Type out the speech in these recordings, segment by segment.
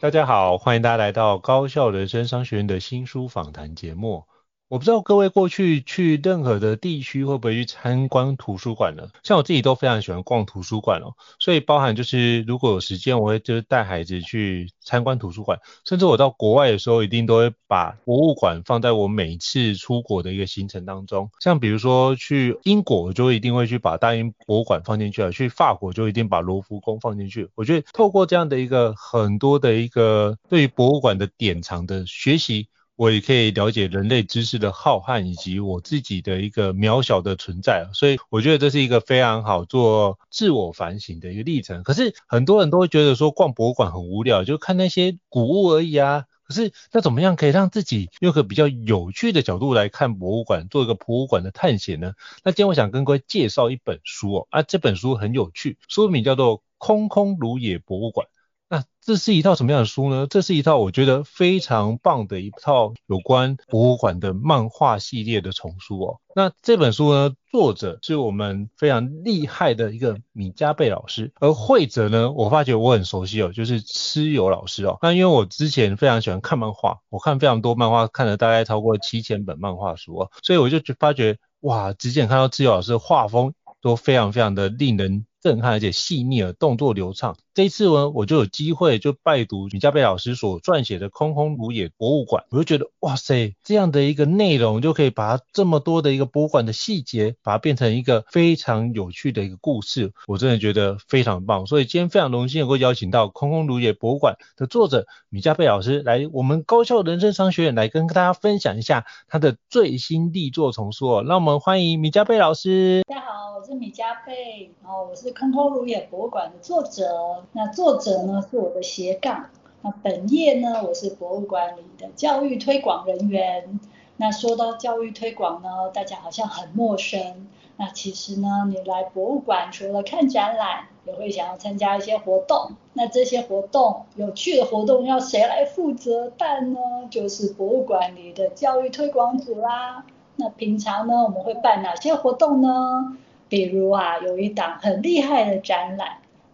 大家好，歡迎大家來到高效人生商學院的新書訪談節目。我不知道各位過去去任何的地區會不會去參觀圖書館呢？像我自己都非常喜歡逛圖書館哦，所以包含就是如果有時間，我會就是帶孩子去參觀圖書館，甚至我到國外的時候，一定都會把博物館放在我每次出國的一個行程當中。像比如說去英國，我就一定會去把大英博物館放進去了，去法國就一定把羅浮宮放進去。我覺得透過這樣的一個很多的一個對於博物館的典藏的學習。我也可以了解人類知識的浩瀚，以及我自己的一個渺小的存在，所以我覺得這是一個非常好做自我反省的一個歷程。可是很多人都會覺得說逛博物館很無聊，就看那些古物而已啊。可是那怎麼樣可以讓自己用個比較有趣的角度來看博物館，做一個博物館的探險呢？那今天我想跟各位介紹一本書哦，啊，這本書很有趣，書名叫做《空空如也博物館》。那這是一套什麼樣的書呢？這是一套我覺得非常棒的一套有關博物館的漫畫系列的叢書哦。那這本書呢，作者是我們非常厲害的一個米家貝老師，而繪者呢，我發覺我很熟悉哦，就是蚩尤老師哦。那因為我之前非常喜歡看漫畫，我看非常多漫畫，看了大概超過七千本漫畫書哦，所以我就覺發覺哇，之前看到蚩尤老師的畫風都非常非常的令人震撼，而且細膩而動作流暢。這一次呢，我就有機會就拜讀米家貝老師所撰寫的《空空如也博物館》，我就覺得哇塞，這樣的一個內容就可以把這麼多的一個博物館的細節，把它變成一個非常有趣的一個故事，我真的覺得非常棒。所以今天非常榮幸能夠邀請到《空空如也博物館》的作者米家貝老師來我們高效人生商學院來跟大家分享一下他的最新力作叢書、哦。讓我們歡迎米家貝老師。大家好，我是米家貝，然、哦、後我是《空空如也博物館》的作者。那作者呢，是我的斜槓，那本業呢，我是博物館裡的教育推廣人員。那說到教育推廣呢，大家好像很陌生。那其實呢，你來博物館除了看展覽，也會想要參加一些活動。那這些活動，有趣的活動要誰來負責辦呢？就是博物館裡的教育推廣組啦。那平常呢，我們會辦哪些活動呢？比如啊，有一檔很厲害的展覽。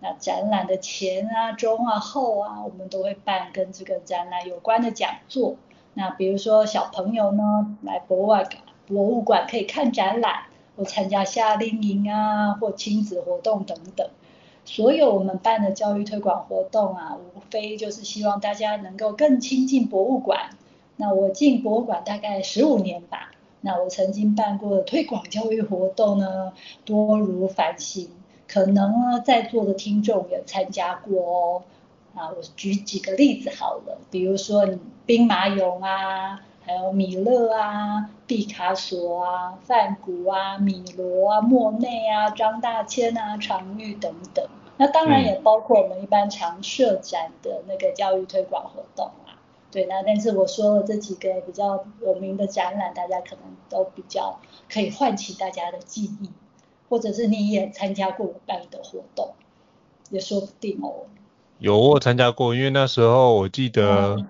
那展覽的前啊、中啊、後啊，我們都會辦跟這個展覽有關的講座。那比如說小朋友呢，來博物館，博物館可以看展覽，或參加夏令營啊，或親子活動等等。所有我們辦的教育推廣活動啊，無非就是希望大家能夠更親近博物館。那我進博物館大概十五年吧，那我曾經辦過的推廣教育活動呢，多如繁星。可能呢，在座的聽眾有參加過哦。啊，我舉幾個例子好了，比如說你兵馬俑啊，還有米勒啊、畢卡索啊、梵谷啊、米羅啊、莫內啊、張大千啊、常玉等等。那當然也包括我們一般常設展的那個教育推廣活動啊。對，那但是我說了這幾個比較有名的展覽，大家可能都比較可以喚起大家的記憶。或者是你也參加過我辦的活動，也說不定哦。有，我有參加過，因為那時候我記得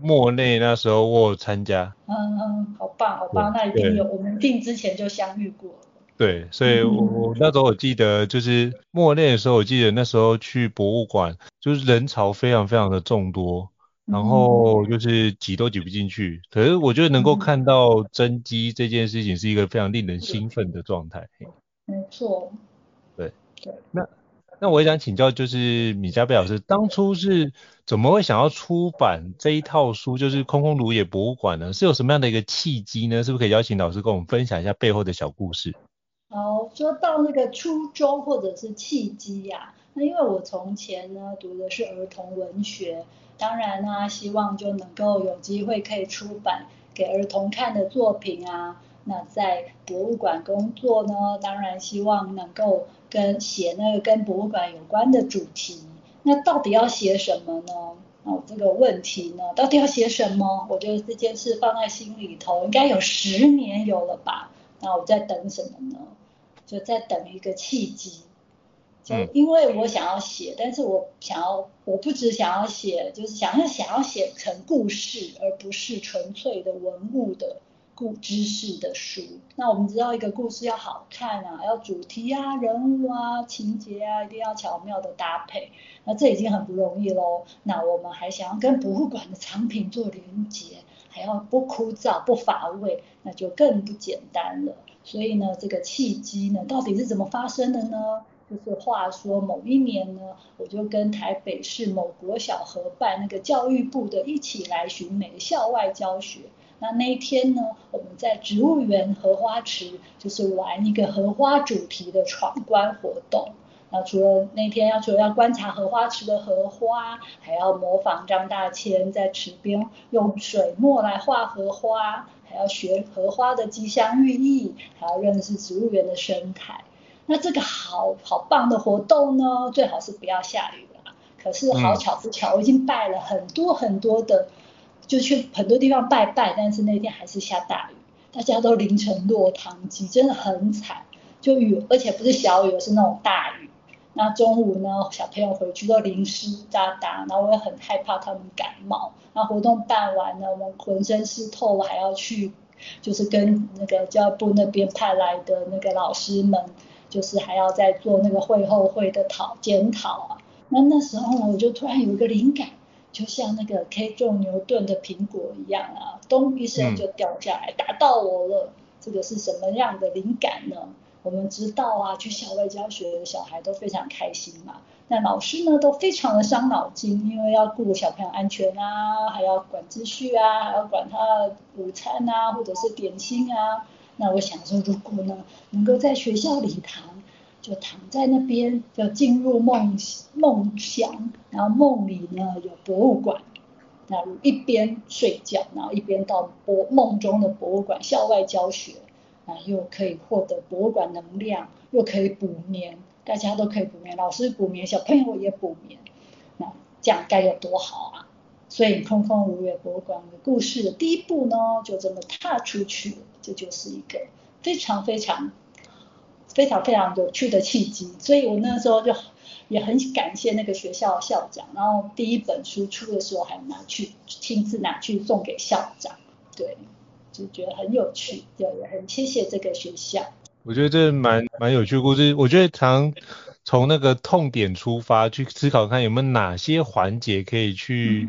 莫內那時候我有參加。嗯嗯，好棒好棒，對那一定有我們定之前就相遇過。對，所以我，我那時候我記得就是莫內的時候，我記得那時候去博物館，就是人潮非常非常的眾多，然後就是擠都擠不進去。可是我覺得能夠看到真跡這件事情是一個非常令人興奮的狀態。沒錯。對對。那那我想請教，就是米家貝老師，當初是怎麼會想要出版這一套書，就是《空空如也博物館》呢？是有什麼樣的一個契機呢？是不是可以邀請老師跟我們分享一下背後的小故事？好，說到那個初衷或者是契機呀、啊，那因為我從前呢讀的是兒童文學，當然呢、啊、希望就能夠有機會可以出版給兒童看的作品啊。那在博物館工作呢，當然希望能夠跟寫那個跟博物館有關的主題。那到底要寫什麼呢？那、哦、這個問題呢，到底要寫什麼？我覺得這件事放在心裡頭，應該有十年有了吧。那我在等什麼呢？就在等一個契機。就因為我想要寫，嗯、但是我想要，我不只想要寫，就是想要想要寫成故事，而不是純粹的文物的。故知識的書，那我們知道一個故事要好看啊，要主題啊、人物啊、情節啊，一定要巧妙的搭配，那這已經很不容易嘍。那我們還想要跟博物館的產品做連結，還要不枯燥、不乏味，那就更不簡單了。所以呢，這個契機呢，到底是怎麼發生的呢？就是話說某一年呢，我就跟台北市某國小合辦，那個教育部的藝起來尋美校外教學。那那一天呢，我們在植物園荷花池就是玩一個荷花主題的闖關活動。那除了那天要求要觀察荷花池的荷花，還要模仿張大千在池邊用水墨來畫荷花，還要學荷花的吉祥寓意，還要認識植物園的生態。那這個好好棒的活動呢，最好是不要下雨了。可是好巧不巧，我已經拜了很多很多的。就去很多地方拜拜，但是，那天還是下大雨，大家都淋成落湯雞，真的很慘。就雨，而且不是小雨，是那種大雨。那中午呢，小朋友回去都淋濕噠噠，然後我也很害怕他們感冒。那活動辦完呢，我們渾身濕透了，還要去，就是跟那個教育部那邊派來的那個老師們，就是還要再做那個會後會的討，檢討啊。那那時候呢，我就突然有一個靈感。就像那個 K 中牛頓的蘋果一樣啊，咚一聲就掉下來，打到我了。嗯、這個是什麼樣的靈感呢？我們知道啊，去校外教學的小孩都非常開心嘛。那老師呢，都非常的傷腦筋，因為要顧小朋友安全啊，還要管秩序啊，還要管他午餐啊，或者是點心啊。那我想說，如果呢，能夠在學校禮堂。就躺在那邊，就進入夢夢鄉，然後夢裡呢有博物館，那一邊睡覺，然後一邊到博夢中的博物館校外教學，啊，又可以獲得博物館能量，又可以補眠，大家都可以補眠，老師補眠，小朋友也補眠，那這樣該有多好啊！所以空空如也博物館的故事的第一步呢，就這麼踏出去了，這就是一個非常非常。非常非常有趣的契機，所以我那時候就也很感謝那個學校校長，然後第一本書出的時候還拿去親自拿去送給校長。對，就覺得很有趣，對，也很謝謝這個學校。我覺得這蠻蠻有趣的故事，我覺得常從那個痛點出發去思考，看有沒有哪些環節可以去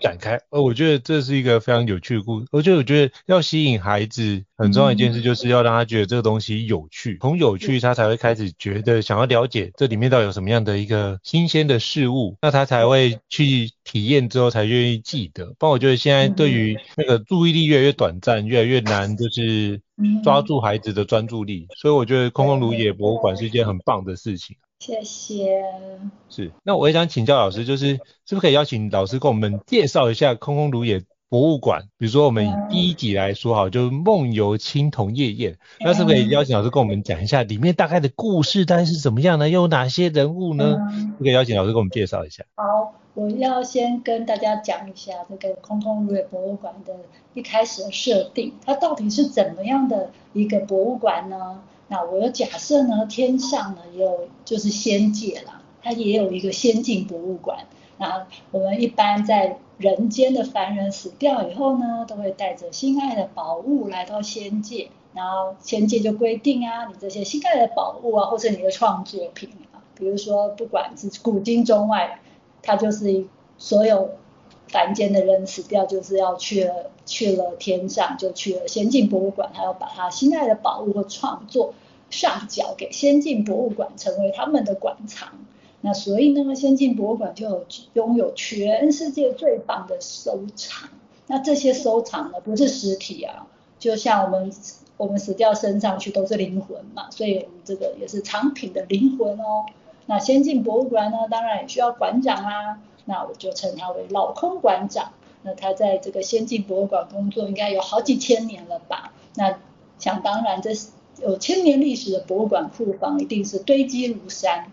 展開。呃、嗯，我覺得這是一個非常有趣的故事，我覺得我覺得要吸引孩子。很重要一件事，就是要讓他覺得這個東西有趣，從有趣他才會開始覺得想要了解這裡面到底有什麼樣的一個新鮮的事物，那他才會去體驗，之後才願意記得。但我覺得現在對於那個注意力越來越短暫，越來越難就是抓住孩子的專注力，所以我覺得空空如也博物館是一件很棒的事情。謝謝。是，那我也想請教老師，就是是不是可以邀請老師跟我們介紹一下空空如也？博物館，比如說我們第一集來說哈，嗯、就是夢遊青銅夜宴，嗯、那是不是可以邀請老師跟我們講一下裡面大概的故事大概是怎麼樣呢？又有哪些人物呢？嗯、可以邀請老師給我們介紹一下。好，我要先跟大家講一下這個《空空如也》博物館的一開始的設定，它到底是怎麼樣的一個博物館呢？那我有假設呢，天上呢有就是仙界啦，它也有一個仙境博物館，那我們一般在人間的凡人死掉以後呢，都會帶着心愛的寶物來到仙界，然後仙界就規定啊，你這些心愛的寶物啊，或是你的創作品啊，比如說不管是古今中外，它就是所有凡間的人死掉，就是要去了去了天上，就去了仙境博物館，他要把他心愛的寶物和創作上繳給仙境博物館，成為他們的館藏。那所以，那仙境博物館就擁有全世界最棒的收藏。那這些收藏呢，不是實體啊，就像我們我們死掉身上去都是靈魂嘛，所以我們這個也是藏品的靈魂哦。那仙境博物館呢，當然也需要館長啊。那我就稱他為老空館長。那他在這個仙境博物館工作應該有好幾千年了吧？那想當然，這是有千年歷史的博物館庫房，一定是堆積如山。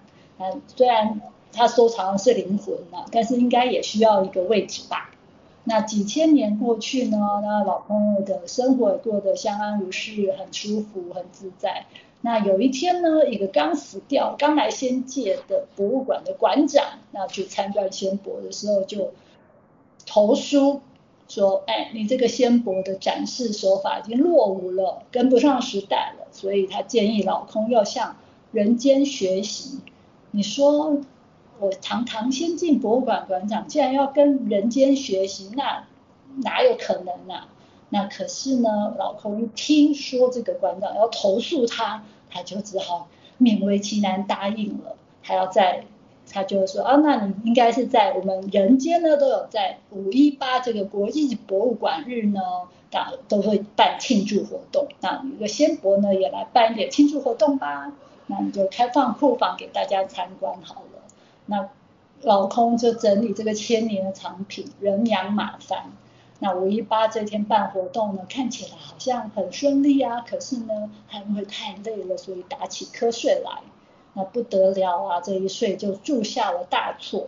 雖然他收藏的是靈魂啊，但是應該也需要一個位置吧。那幾千年過去呢，那老空的生活也過得相安無事，很舒服，很自在。那有一天呢，一個剛死掉、剛來仙界的博物館的館長，那去參觀仙博的時候就投書說：“哎、欸，你這個仙博的展示手法已經落伍了，跟不上時代了。”所以，他建議老空要向人間學習。你說，我堂堂仙境博物館館長，竟然要跟人間學習，那哪有可能呢、啊？那可是呢，老公聽說這個館長要投訴他，他就只好勉為其難答應了。他要在他就說啊，那你應該是在我們人間呢，都有在五一八這個國際博物館日呢，都都會辦慶祝活動。那一個仙博呢，也來辦一點慶祝活動吧。那你就開放庫房給大家參觀好了。那老空就整理這個千年的藏品，人仰馬翻。那五一八這天辦活動呢，看起來好像很順利啊。可是呢，他因為太累了，所以打起瞌睡來。那不得了啊！這一睡就鑄下了大錯。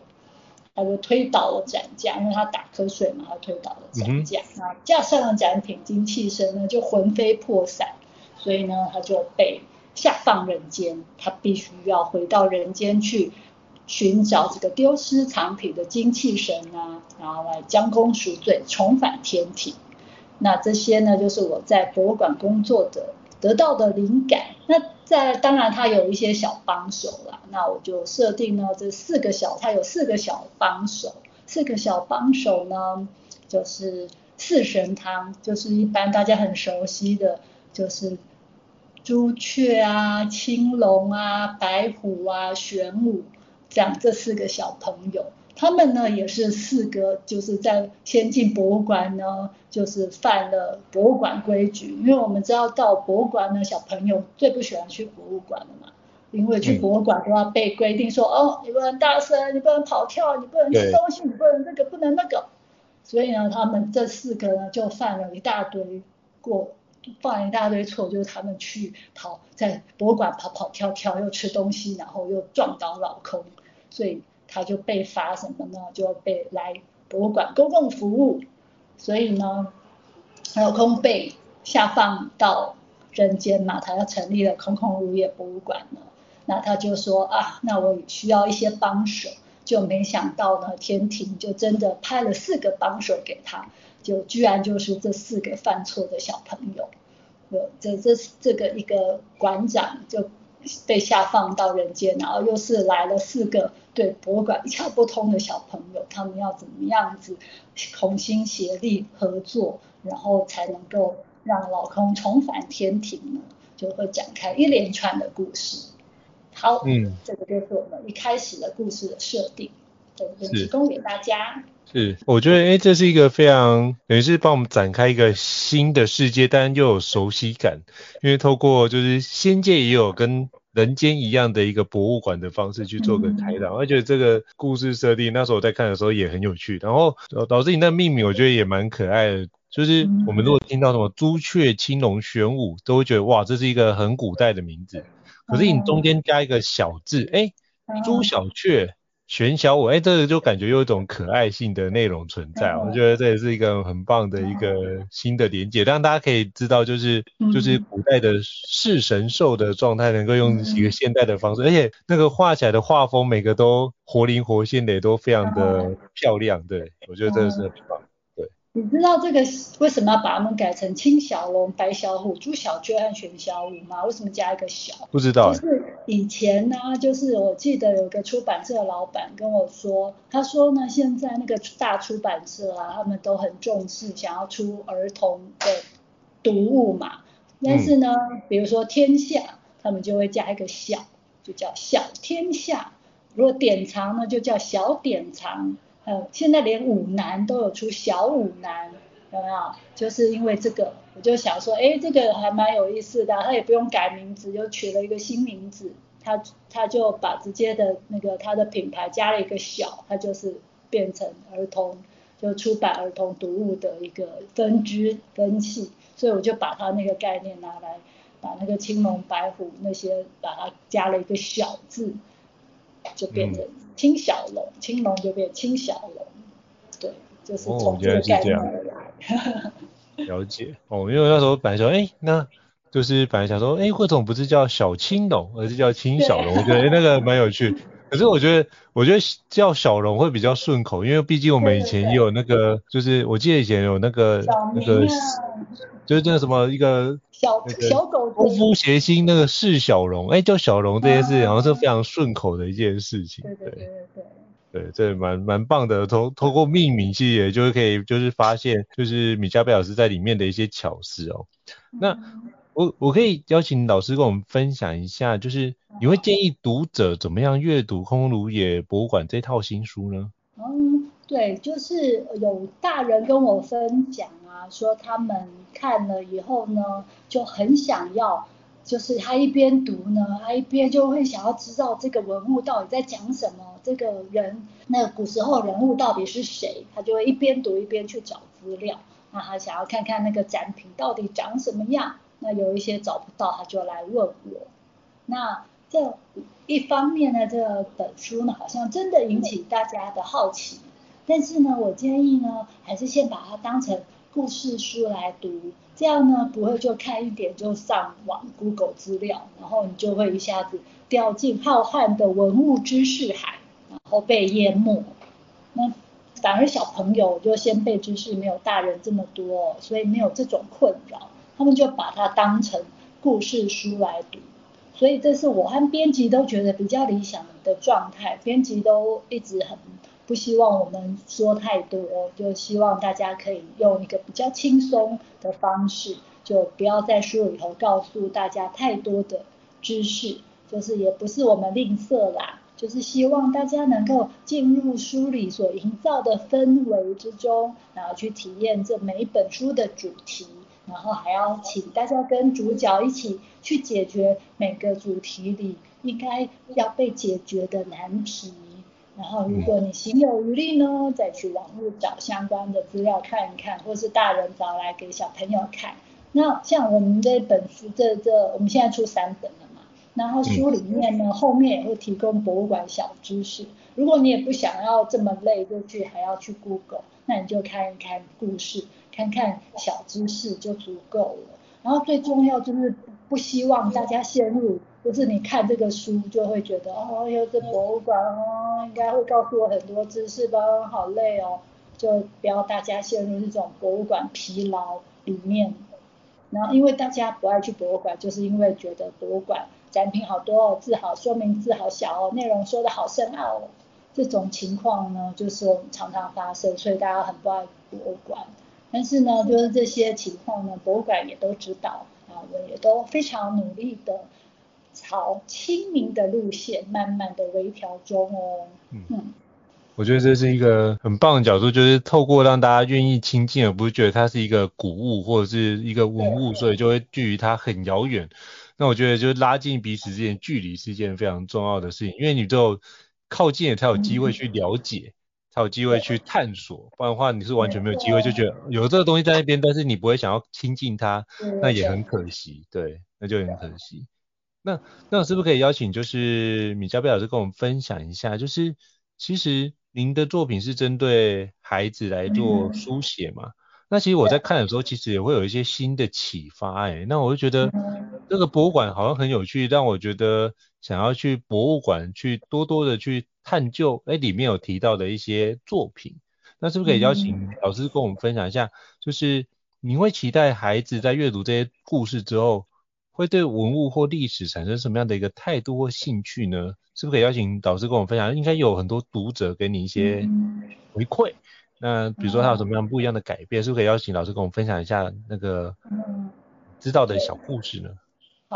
他就推倒了展架，因為他打瞌睡嘛，他推倒了展架。嗯、哼那架上的展品精氣神呢，就魂飛魄散。所以呢，他就被。下放人間，他必須要回到人間去尋找這個丟失藏品的精氣神啊，然後來將功贖罪，重返天庭。那這些呢，就是我在博物館工作的得到的靈感。那在當然他有一些小幫手了，那我就設定呢這四個小，他有四個小幫手，四個小幫手呢就是四神湯，就是一般大家很熟悉的就是。朱雀啊，青龍啊，白虎啊，玄武，這樣這四個小朋友，他們呢也是四個，就是在仙境博物館呢，就是犯了博物館規矩。因為我們知道到博物館呢，小朋友最不喜歡去博物館了嘛，因為去博物館都要被規定說，嗯、哦，你不能大聲，你不能跑跳，你不能吃東西，對你不能那個，不能那個。所以呢，他們這四個呢就犯了一大堆過。犯了一大堆錯，就是他們去跑在博物館跑跑跳跳，又吃東西，然後又撞倒老空，所以他就被罰什麼呢？就被來博物館公共服務。所以呢，老空被下放到人間嘛，他要成立了空空如也博物館了。那他就說啊，那我需要一些幫手，就沒想到呢，天庭就真的派了四個幫手給他。就居然就是這四個犯錯的小朋友，呃，這這這個一個館長就被下放到人間，然後又是來了四個對博物館一竅不通的小朋友，他們要怎麼樣子同心協力合作，然後才能夠讓老空重返天庭呢？就會展開一連串的故事。好，嗯，這個就是我們一開始的故事的設定。提供給大家是。是，我覺得哎、欸，這是一個非常等於是幫我們展開一個新的世界，但又有熟悉感，因為透過就是仙界也有跟人間一樣的一個博物館的方式去做個開導，覺得、嗯嗯、這個故事設定，那時候我在看的時候也很有趣。然後老師你那命名，我覺得也蠻可愛的，就是我們如果聽到什麼嗯嗯朱雀、青龍、玄武，都會覺得哇，這是一個很古代的名字。可是你中間加一個小字，哎，朱小雀。玄小我，哎、欸，這個就感覺有一種可愛性的內容存在，嗯、我覺得這也是一個很棒的一個新的連接。讓大家可以知道，就是就是古代的弑神獸的狀態，嗯、能夠用一個現代的方式，嗯、而且那個畫起來的畫風，每個都活靈活現的，也都非常的漂亮。對，我覺得這個是很棒。嗯你知道這個為什麼要把我們改成青小龍、白小虎、朱小雀和玄小武嗎？為什麼加一個小？不知道。就是以前呢，就是我記得有個出版社的老闆跟我說，他說呢，現在那個大出版社啊，他們都很重視想要出兒童的讀物嘛，但是呢，嗯、比如說《天下》，他們就會加一個小，就叫《小天下》；如果典藏呢，就叫《小典藏》。呃、嗯，現在連五南都有出小五南，有沒有？就是因為這個，我就想說，誒，這個還蠻有意思的，啊，他也不用改名字，又取了一個新名字，他他就把直接的那個他的品牌加了一個小，他就是變成兒童，就出版兒童讀物的一個分支分系，所以我就把他那個概念拿來，把那個青龍白虎那些，把它加了一個小字，就變成。青小龍，青龍就變青小龍，對，就是、哦、我覺得是這樣來。了解哦，因為那時候本來說哎、欸，那就是本來想說，哎、欸，會總不是叫小青龍，而是叫青小龍，我覺得那個蠻有趣。可是我覺得，我覺得叫小龍會比較順口，因為畢竟我們以前也有那個，對對對，就是我記得以前有那個娘那個。就是這個什麼一個小小狗，功夫諧星那個釋小龍，哎叫對、欸、小龍這件事情，好像是非常順口的一件事情。對對對對對。對，這蠻蠻棒的，通通過命名其實也就可以就是發現就是米家貝老師在裡面的一些巧思哦。嗯、那我我可以邀請老師跟我們分享一下，就是你會建議讀者怎麼樣閱讀《空空如也博物館》這套新書呢？嗯，對，就是有大人跟我分享。啊、說他們看了以後呢，就很想要，就是他一邊讀呢，他一邊就會想要知道這個文物到底在講什麼，這個人那個、古時候人物到底是誰，他就會一邊讀一邊去找資料。那、啊、他想要看看那個展品到底長什麼樣，那有一些找不到，他就來問我。那這一方面呢，這個、本書呢，好像真的引起大家的好奇，美但是呢，我建議呢，還是先把它當成。故事書來讀，這樣呢不會就看一點就上網 Google 資料，然後你就會一下子掉進浩瀚的文物知識海，然後被淹沒。那反而小朋友就先備知識沒有大人這麼多，所以沒有這種困擾，他們就把它當成故事書來讀。所以這是我和編輯都覺得比較理想的狀態，編輯都一直很。不希望我們說太多，就希望大家可以用一個比較輕鬆的方式，就不要在書裡頭告訴大家太多的知識，就是也不是我們吝嗇啦，就是希望大家能夠進入書裡所營造的氛圍之中，然後去體驗這每一本書的主題，然後還要請大家跟主角一起去解決每個主題裡應該要被解決的難題。然後，如果你行有餘力呢，再去網絡找相關的資料看一看，或是大人找來給小朋友看。那像我們這本書這，這這我們現在出三本了嘛，然後書裡面呢、嗯、後面也會提供博物館小知識。如果你也不想要這麼累，就去還要去 Google，那你就看一看故事，看看小知識就足夠了。然後最重要就是不希望大家陷入。不是你看這個書就會覺得哦喲、哎,這博物館哦，應該會告訴我很多知識吧？好累哦，就不要大家陷入這種博物館疲勞裡面。然後因為大家不愛去博物館，就是因為覺得博物館展品好多哦，字好，說明字好小哦，內容說的好深奧哦，這種情況呢就是常常發生，所以大家很不愛博物館。但是呢，就是這些情況呢，博物館也都知道啊，我也都非常努力的。好，親民的路線，慢慢的微調中哦。嗯，嗯，我覺得這是一個很棒的角度，就是透過讓大家願意親近，而不是覺得它是一個古物或者是一個文物，對對對，所以就會距離它很遙遠。那我覺得就拉近彼此之間距離是一件非常重要的事情，因為你只有靠近，了才有機會去了解，才、嗯、有機會去探索。對不然的話，你是完全沒有機會，就覺得有這個東西在那邊，對但是你不會想要親近它，對那也很可惜，對，那就很可惜。那那我是不是可以邀請就是米家貝老師跟我們分享一下？就是其實您的作品是針對孩子來做書寫嘛？那其實我在看的時候，其實也會有一些新的啟發、欸。哎，那我就覺得這個博物館好像很有趣，讓我覺得想要去博物館去多多的去探究。哎、欸，裡面有提到的一些作品，那是不是可以邀請老師跟我們分享一下？就是你會期待孩子在閱讀這些故事之後？會對文物或歷史產生什麼樣的一個態度或興趣呢？是不是可以邀請老師跟我們分享？應該有很多讀者給你一些回饋。嗯、那比如說他有什麼樣不一樣的改變，嗯、是不是可以邀請老師跟我們分享一下那個知道的小故事呢、嗯？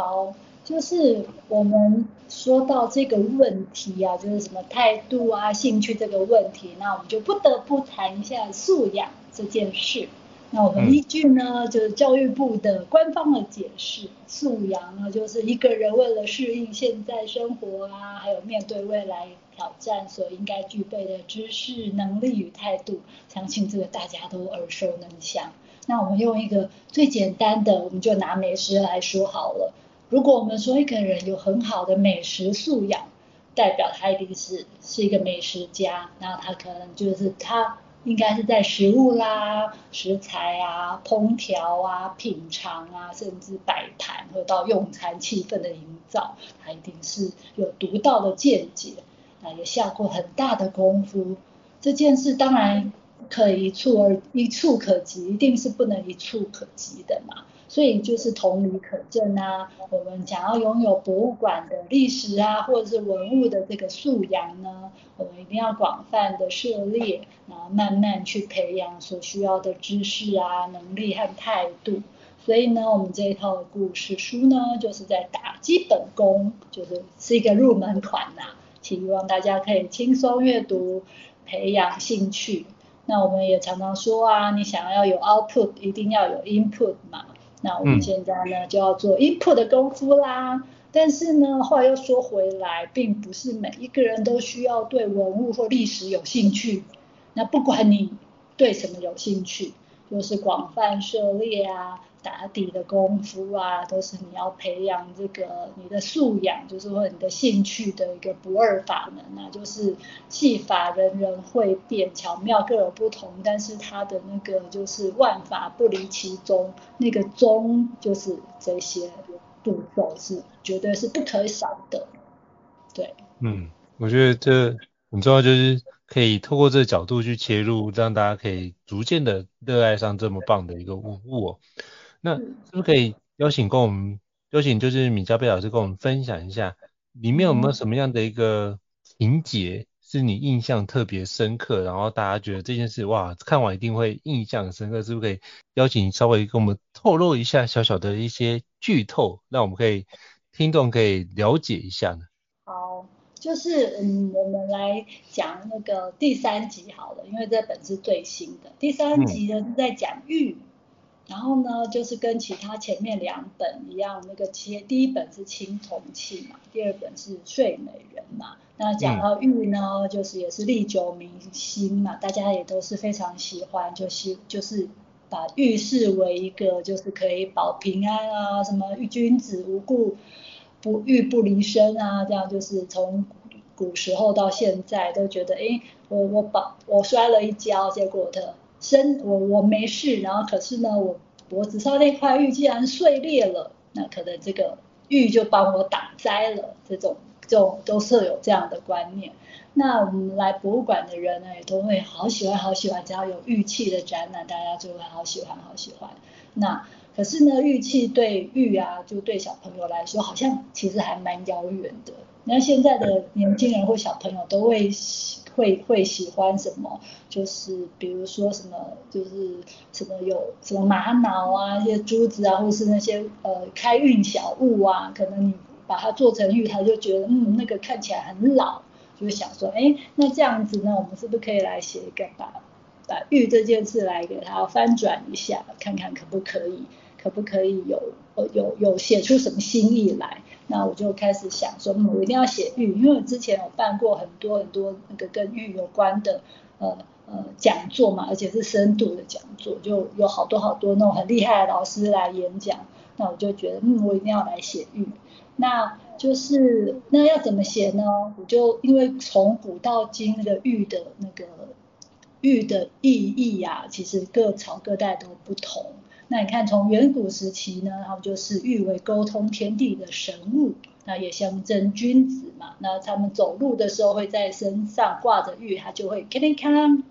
好，就是我們說到這個問題啊，就是什麼態度啊、興趣這個問題，那我們就不得不談一下素養這件事。那我們依據呢，嗯，就是教育部的官方的解釋，素養呢就是一個人為了適應現在生活啊，還有面對未來挑戰所應該具備的知識、能力與態度。相信這個大家都耳熟能詳。那我們用一個最簡單的，我們就拿美食來說好了。如果我們說一個人有很好的美食素養，代表他一定是是一個美食家，然後他可能就是他。應該是在食物啦、食材啊、烹調啊、品嘗啊，甚至擺盤，或到用餐氣氛的營造，他一定是有獨到的見解啊，也下過很大的功夫。這件事當然可以一蹴而一蹴可幾，一定是不能一蹴可幾的嘛。所以就是同理可證啊。我們想要擁有博物館的歷史啊，或者是文物的這個素養呢，我們一定要廣泛的涉獵，然後慢慢去培養所需要的知識啊、能力和態度。所以呢，我們這一套的故事書呢，就是在打基本功，就是是一個入門款吶、啊，希望大家可以輕鬆閱讀，培養興趣。那我們也常常說啊，你想要有 output，一定要有 input 嘛。那我們現在呢，就要做 input 的功夫啦。但是呢，話又說回來，並不是每一個人都需要對文物或歷史有興趣。那不管你對什麼有興趣，就是廣泛涉獵啊。打底的功夫啊，都是你要培養這個你的素養，就是說你的興趣的一個不二法門啊，就是戲法人人會變，巧妙各有不同，但是它的那個就是萬法不離其宗，那個宗就是這些步驟是絕對是不可少的，對，嗯，我覺得這很重要，就是可以透過這個角度去切入，讓大家可以逐漸的熱愛上這麼棒的一個物物、哦。那是不是可以邀請跟我們、嗯、邀請就是米家貝老師跟我們分享一下，裡面有沒有什麼樣的一個情節、嗯、是你印象特別深刻，然後大家覺得這件事哇看完一定會印象深刻，是不是可以邀請稍微跟我們透露一下小小的一些劇透，讓我們可以聽眾可以了解一下呢？好，就是嗯，我們來講那個第三集好了，因為這本是最新的，第三集呢、嗯、是在講玉。然後呢，就是跟其他前面兩本一樣，那個器，第一本是青銅器嘛，第二本是睡美人嘛。那講到玉呢，嗯、就是也是歷久彌新嘛，大家也都是非常喜歡，就是就是把玉視為一個就是可以保平安啊，什麼玉君子無故不玉不離身啊，這樣就是從古時候到現在都覺得，哎，我我把我摔了一跤，結果他。身我我沒事，然後可是呢，我脖子上那塊玉竟然碎裂了，那可能這個玉就幫我擋災了，這種就都是有這樣的觀念。那我們來博物館的人呢，也都會好喜歡好喜歡，只要有玉器的展覽，大家就會好喜歡好喜歡。那可是呢，玉器對玉啊，就對小朋友來說，好像其實還蠻遙遠的。那現在的年輕人或小朋友都會喜會會喜歡什麼？就是比如說什麼就是什麼有什麼瑪瑙啊，一些珠子啊，或是那些呃開運小物啊，可能你把它做成玉，他就覺得嗯，那個看起來很老。就想說，欸，那這樣子呢，我們是不是可以來寫一個把把玉這件事來給它翻轉一下，看看可不可以，可不可以有有有寫出什麼新意來？那我就開始想說，嗯，我一定要寫玉，因為我之前有辦過很多很多那個跟玉有關的呃呃講座嘛，而且是深度的講座，就有好多好多那種很厲害的老師來演講，那我就覺得，嗯，我一定要來寫玉。那就是那要怎麼寫呢？我就因為從古到今那個玉的那個玉的意義呀，啊，其實各朝各代都不同。那你看從遠古時期呢，他們就是玉為溝通天地的神物，那也象徵君子嘛。那他們走路的時候會在身上掛着玉，他就會叮叮噹噹，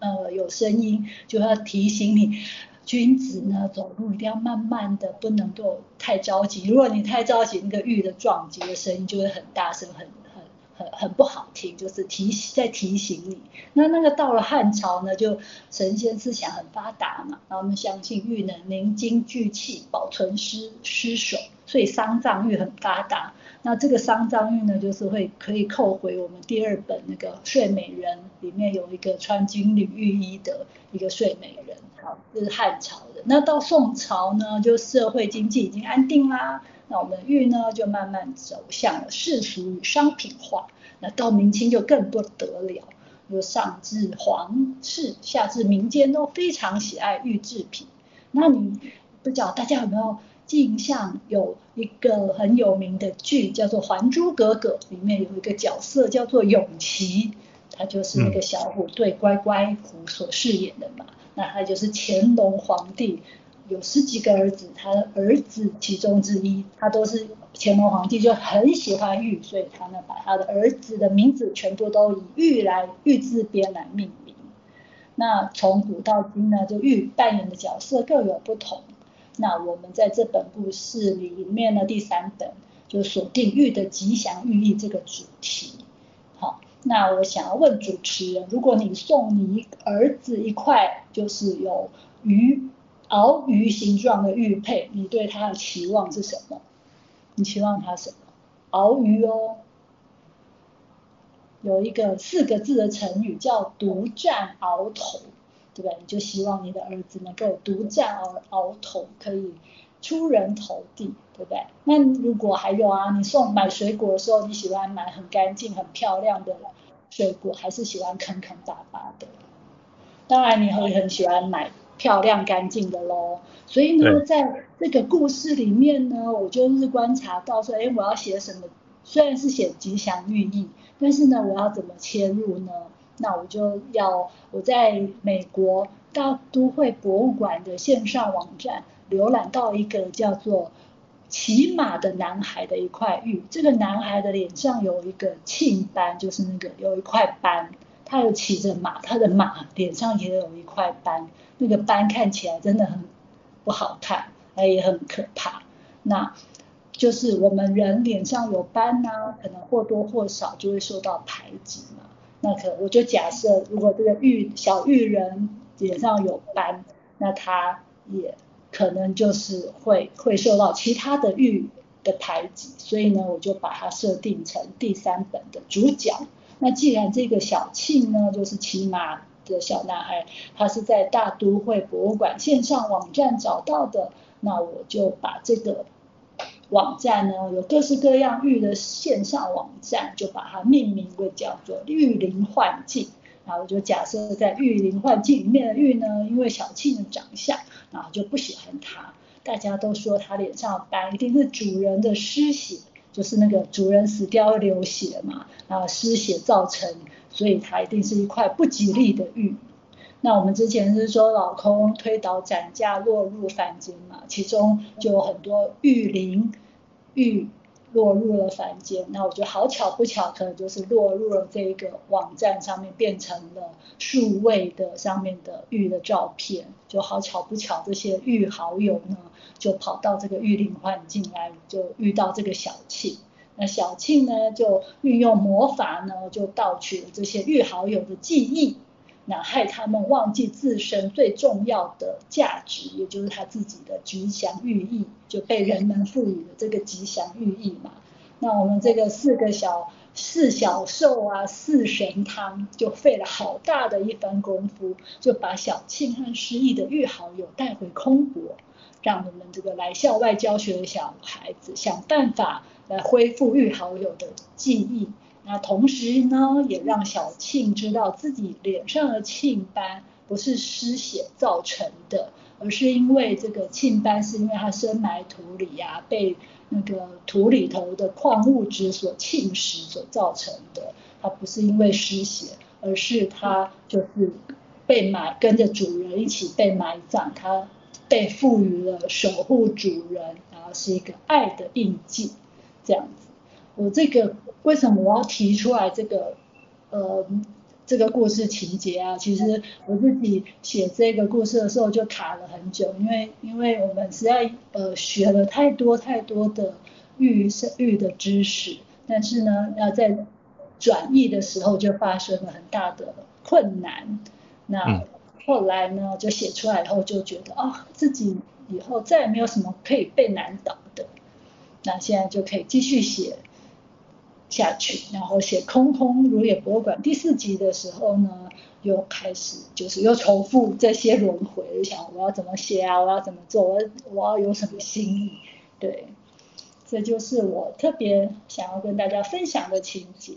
呃，有聲音，就要提醒你。君子呢，走路一定要慢慢的，不能夠太着急。如果你太着急，那個玉的撞擊的聲音就會很大聲，很很很很不好聽，就是提醒，在提醒你。那那個到了漢朝呢，就神仙思想很發達嘛，然後我們相信玉能凝精聚氣，保存屍屍首，所以喪葬玉很發達。那這個喪葬玉呢，就是會可以扣回我們第二本那個睡美人裡面有一個穿金縷玉衣的一個睡美人，好，這是漢朝的。那到宋朝呢，就社會經濟已經安定啦，那我們的玉呢，就慢慢走向了世俗與商品化。那到明清就更不得了，有上至皇室，下至民間都非常喜愛玉製品。那你不知道大家有沒有？鏡像有一個很有名的劇叫做《還珠格格》，裡面有一個角色叫做永琪，他就是那個小虎隊乖乖虎所飾演的嘛。那他就是乾隆皇帝，有十幾個兒子，他的兒子其中之一，他都是乾隆皇帝就很喜歡玉，所以他呢把他的兒子的名字全部都以玉來玉字邊來命名。那從古到今呢，就玉扮演的角色各有不同。那我們在這本故事裡面的第三本就鎖定玉的吉祥寓意這個主題。好，那我想要問主持人，如果你送你兒子一塊就是有魚鰲魚形狀的玉佩，你對他的期望是什麼？你期望他什麼？鰲魚哦，有一個四個字的成語叫“獨佔鰲頭”。對不對？你就希望你的兒子能夠獨佔鰲鰲頭，可以出人頭地，對不對？那如果還有啊，你送買水果的時候，你喜歡買很乾淨、很漂亮的水果，還是喜歡坑坑巴巴的？當然你會很喜歡買漂亮、乾淨的嘍。所以呢，在這個故事裡面呢，我就是觀察到說，哎，我要寫什麼？雖然是寫吉祥寓意，但是呢，我要怎麼切入呢？那我就要我在美國大都會博物館的線上網站瀏覽到一個叫做騎馬的男孩的一塊玉，這個男孩的臉上有一個青斑，就是那個有一塊斑，他有騎着馬，他的馬臉上也有一塊斑，那個斑看起來真的很不好看，哎也很可怕，那就是我們人臉上有斑呢、啊，可能或多或少就會受到排擠嘛。那可我就假設，如果這個玉小玉人臉上有斑，那他也可能就是會會受到其他的玉的排擠，所以呢，我就把它設定成第三本的主角。那既然這個小慶呢，就是騎馬的小男孩，他是在大都會博物館線上網站找到的，那我就把這個。網站呢，有各式各樣玉的線上網站，就把它命名為叫做玉靈幻境。然後就假設在玉靈幻境裡面的玉呢，因為小慶的長相，然後就不喜歡他。大家都說他臉上白，一定是主人的失血，就是那個主人死掉流血嘛，然後失血造成，所以它一定是一塊不吉利的玉。那我們之前是說老空推倒展架落入凡間嘛，其中就有很多玉靈玉落入了凡間。那我就好巧不巧，可能就是落入了這個網站上面，變成了數位的上面的玉的照片。就好巧不巧，這些玉好友呢，就跑到這個玉靈幻境來，就遇到這個小慶。那小慶呢，就運用魔法呢，就盜取了這些玉好友的記憶。那害他們忘記自身最重要的價值，也就是他自己的吉祥寓意，就被人們賦予了這個吉祥寓意嘛。那我們這個四個小四小獸啊，四神湯就費了好大的一番功夫，就把小慶和失憶的玉好友帶回空國，讓我們這個來校外教學的小孩子想辦法來恢復玉好友的記憶。那同時呢，也讓小慶知道自己臉上的沁斑不是失血造成的，而是因為這個沁斑是因為它深埋土裡啊，被那個土裡頭的礦物質所侵蝕所造成的。它不是因為失血，而是它就是被埋跟着主人一起被埋葬，它被賦予了守護主人，然後是一個愛的印記，這樣子。我這個為什麼我要提出來這個，呃，這個故事情節啊？其實我自己寫這個故事的時候就卡了很久，因為因為我們實在呃學了太多太多的玉是玉的知識，但是呢，要在轉譯的時候就發生了很大的困難。那後來呢，就寫出來以後就覺得，啊、哦，自己以後再也沒有什麼可以被難倒的，那現在就可以繼續寫下去，然後寫空空如也博物館第四集的時候呢，又開始就是又重複這些輪迴，想我要怎麼寫啊，我要怎麼做，我我要有什麼新意？對，這就是我特別想要跟大家分享的情節。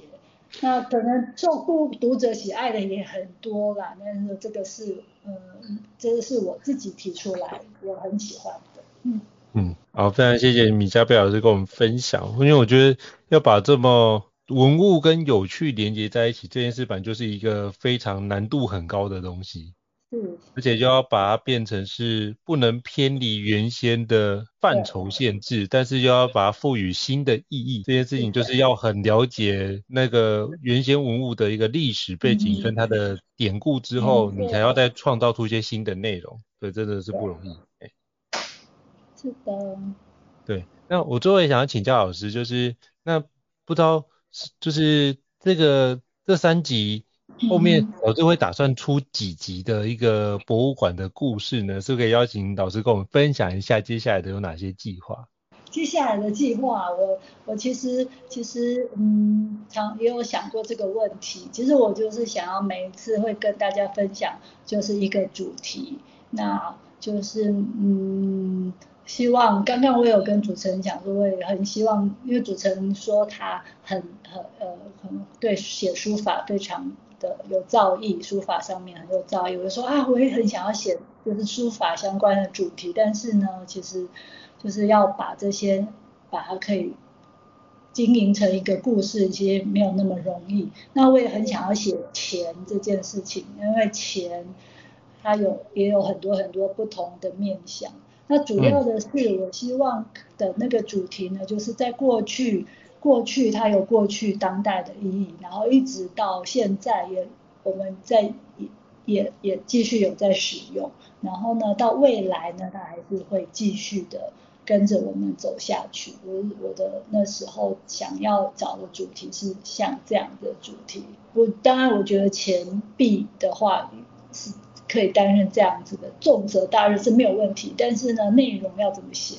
那可能受顧讀者喜愛的也很多吧，但是這個是，嗯，這個是我自己提出來，我很喜歡的。嗯嗯，好，非常謝謝米家貝老師跟我們分享，因為我覺得。要把這麼文物跟有趣連接在一起，這件事本就是一個非常難度很高的東西。是而且就要把它變成是不能偏離原先的範疇限制，對但是又要把它賦予新的意義，這件事情就是要很了解那個原先文物的一個歷史背景跟它的典故之後，對你才要再創造出一些新的內容。對，所以真的是不容易。對哎，是的。對。那我最後也想要請教老師，就是那不知道就是這個這三集後面，我就會打算出幾集的一個博物館的故事呢？是不是可以邀請老師跟我們分享一下接下來的有哪些計劃？接下來的計劃，我我其實其實嗯，常也有想過這個問題。其實我就是想要每一次會跟大家分享，就是一個主題，那就是嗯。希望剛剛我有跟主持人講說，我也很希望，因為主持人說他很很呃很對寫書法非常的有造詣，書法上面很有造詣。我就說啊，我也很想要寫就是書法相關的主題，但是呢，其實就是要把這些把它可以經營成一個故事，其實沒有那麼容易。那我也很想要寫錢這件事情，因為錢它有也有很多很多不同的面向。那主要的是，我希望的那個主題呢，就是在過去，過去它有過去當代的意義，然後一直到現在也我們在也也也繼續有在使用，然後呢，到未來呢，它還是會繼續的跟着我們走下去。我我的那時候想要找的主題是像這樣的主題，我當然我覺得錢幣的話是。可以擔任這樣子的重責大任是沒有問題，但是呢，內容要怎麼寫，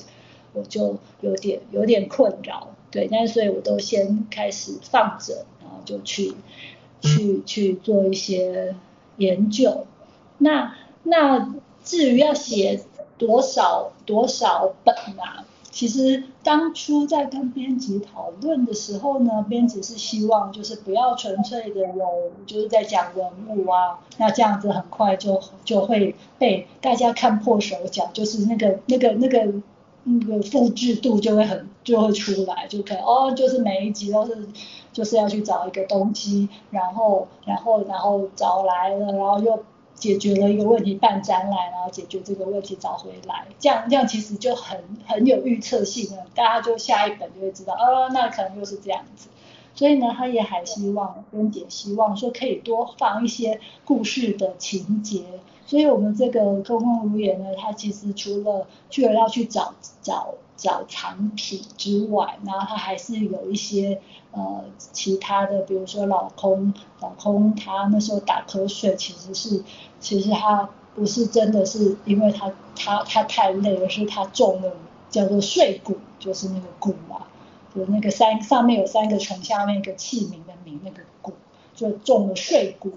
我就有點有點困擾，對，那所以我都先開始放着，然後就去去去做一些研究。那那至於要寫多少多少本啊？其實當初在跟編輯討論的時候呢，編輯是希望就是不要純粹的有就是在講文物啊，那這樣子很快就就會被大家看破手腳，就是那個那個那個那個複製度就會很就會出來，就可以哦，就是每一集都是就是要去找一個東西，然後然後然後找來了，然後又。解決了一個問題，辦展覽，然後解決這個問題找回來，這樣這樣其實就很很有預測性了，大家就下一本就會知道，哦那可能又是這樣子，所以呢，他也還希望跟姐希望說可以多放一些故事的情節，所以我們這個空空如也呢，它其實除了去了要去找找找藏品之外，然後他還是有一些呃其他的，比如說老公，老公他那時候打瞌睡，其實是其實他不是真的是因為他他他,他太累了，是他中了叫做睡蠱，就是那個蠱啊，有那個三上面有三個蟲，下面一個器皿的皿那個蠱，就中了睡蠱。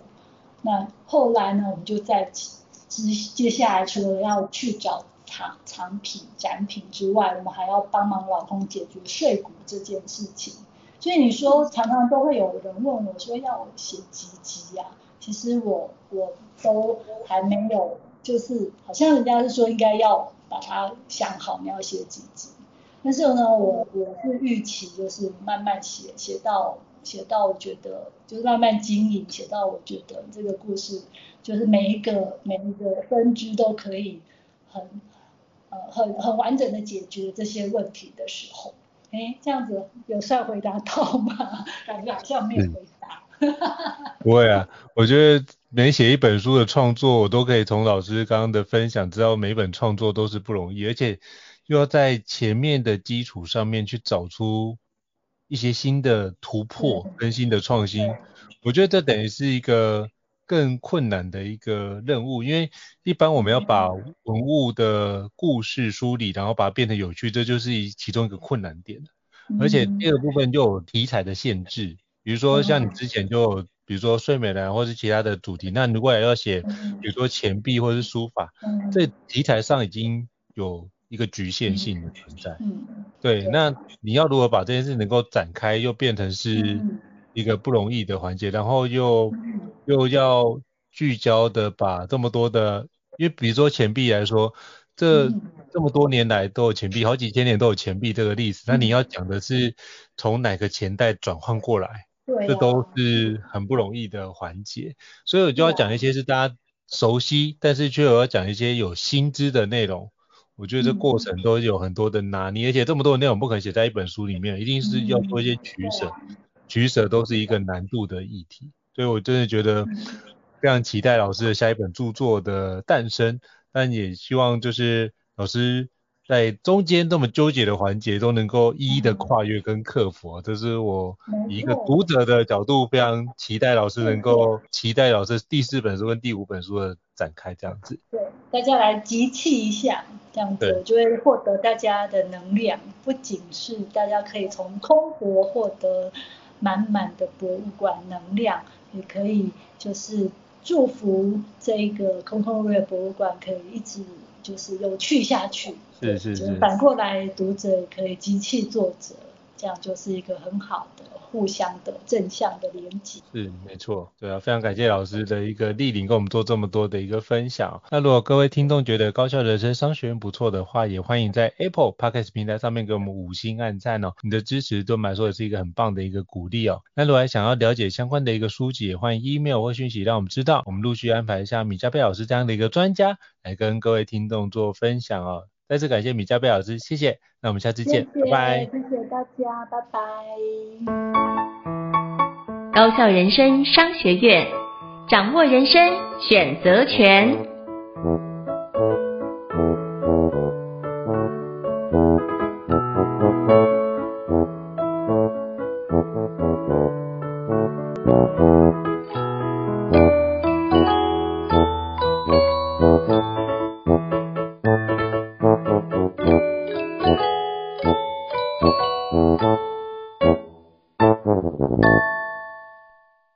那後來呢，我們就在接接下來除了要去找。藏藏品展品之外，我們還要幫忙老公解決稅務這件事情。所以你說常常都會有人問我說要寫幾集啊？其實我我都還沒有，就是好像人家是說應該要把它想好，你要寫幾集。但是呢，我我是預期就是慢慢寫，寫到寫到我覺得就是慢慢經營，寫到我覺得這個故事就是每一個每一個分支都可以很。呃，很很完整的解決這些問題的時候，哎、欸，這樣子有算回答到嗎？感覺好像沒有回答。是 不會啊，我覺得每寫一本書的創作，我都可以從老師剛剛的分享，知道每本創作都是不容易，而且又要在前面的基礎上面去找出一些新的突破跟、嗯、新的創新。嗯、我覺得這等於是一個。更困難的一個任務，因為一般我們要把文物的故事梳理，嗯、然後把它變成有趣，這就是其中一個困難點，嗯、而且第二部分就有題材的限制，比如說像你之前就有、嗯、比如說睡美人或是其他的主題，那如果還要寫、嗯、比如說錢幣或者是書法，嗯、這題材上已經有一個局限性的存在。嗯、對，嗯、那你要如何把這件事能夠展開，又變成是？嗯一個不容易的環節，然後又又要聚焦的把這麼多的，因為比如說錢幣來說，這這麼多年來都有錢幣，嗯、好幾千年都有錢幣這個歷史，那你要講的是從哪個錢袋轉換過來，嗯啊、這都是很不容易的環節，所以我就要講一些是大家熟悉，啊、但是卻要講一些有新知的內容，我覺得這過程都有很多的拿捏，嗯、而且這麼多的內容不可能寫在一本書裡面，一定是要做一些取舍。嗯取捨都是一個難度的議題，所以我真的覺得非常期待老師的下一本著作的誕生。但也希望就是老師在中間這麼糾結的環節都能夠一一的跨越跟克服，啊。這是我以一個讀者的角度，非常期待老師能夠期待老師第四本書跟第五本書的展開這樣子。對，大家來集氣一下，這樣子我對 就會獲得大家的能量，不僅是大家可以從空博獲得。滿滿的博物館能量，也可以就是祝福這個空空如也博物館可以一直就是有趣下去。是是，是，是，是反過來讀者也可以集氣作者。這樣就是一個很好的互相的正向的連接。是，沒錯。對啊，非常感謝老師的一個蒞臨，跟我們做這麼多的一個分享。那如果各位聽眾覺得高效人生商學院不錯的話，也歡迎在 Apple Podcast 平台上面給我們五星按讚哦。你的支持對我們來說也是一個很棒的一個鼓勵哦。那如果還想要了解相關的一個書籍，也歡迎 email 或訊息讓我們知道，我們陸續安排像米家貝老師這樣的一個專家來跟各位聽眾做分享哦。再次感謝米家貝老師，謝謝。那我們下次見，謝謝拜拜。謝謝大家，拜拜。高效人生商學院，掌握人生選擇權。嗯